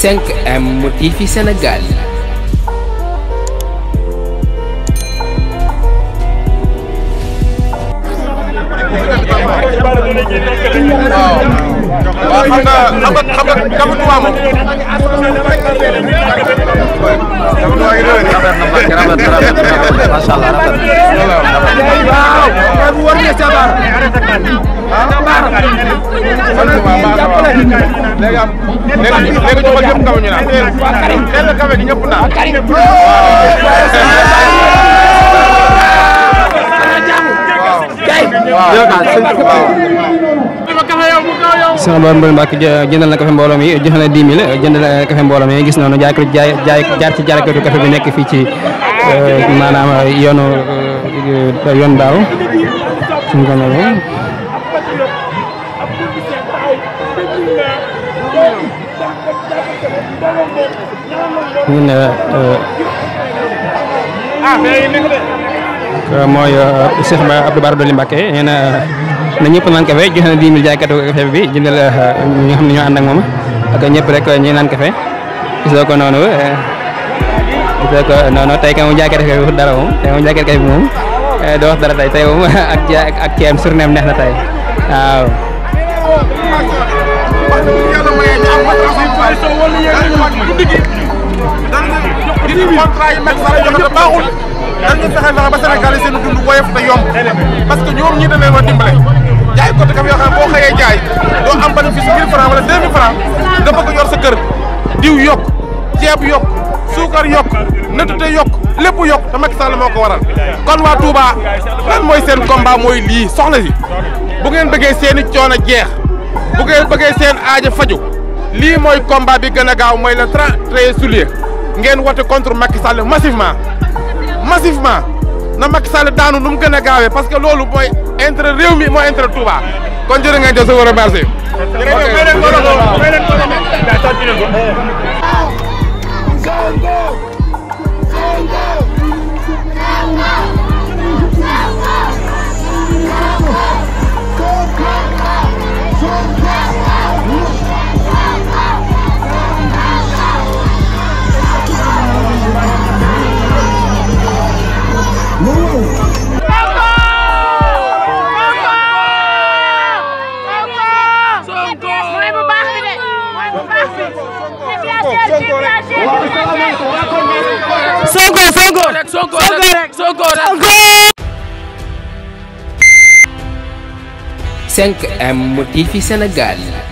5M TV Sénégal waaw waaw xam nga xam nga xam nga xam nga moom. rafet na rafet na macha allah rafet na. waaw war nga sabar. ah léegi am léegi léegi ñu bëgg kafe ñu naan léegi kafe gi ñëpp naan. Cheikh Abdoulaye Mbaye Mbacke jëndal na café mbooloo mi joxe na 10 000 jëndal na café mbooloo mi gis noonu jaay jaay jaay jaar ci jaaykatu café bi nekk fii ci maanaam yoonu yoon daaw suñu ko ñu ne euh, ah, mooy euh, Cheikh Ba Abdou Bara Dolly Mbacké nee na na ñëpp naan kafe joxe na euh, xam ne ñoo ànd ak moom ak ñëpp rek ñi naan kafe gisoo ko noonu gisoo ko noonu tey fu dara moom tey moom jaaykatu kafe moom doo wax dara tey tey moom ak ceeb surneem neex na tey waaw. guddi gi dañu ne contrat joxe te baaxul dañu fexe fexe ba Sénégal yi seen dund woyof yomb parce que ñoom ñi dañ leen war dimbale jaay côté kam yoo xam xëyee jaay doo am bénéfice 1000 francs wala 2000 francs nga bëgg yor sa kër diw yokk ceeb yokk suukar yokk nëtute yokk lépp yokk te Macky Sall moo ko waral kon waa Touba lan mooy seen combat mooy lii soxla si bu ngeen bëggee seen i coono jeex bu ngeen bëggee seen aaja faju lii mooy combat bi gën a gaaw mooy le 31 juillet ngeen wote contre Macky Sall massivement massivement na Macky Sall daanu nu mu gën a gaawee parce que loolu mooy intérêt réew mi mooy intérêt Touba kon jërë ngeen jëf sa war a merci Agora! Agora! 5M TV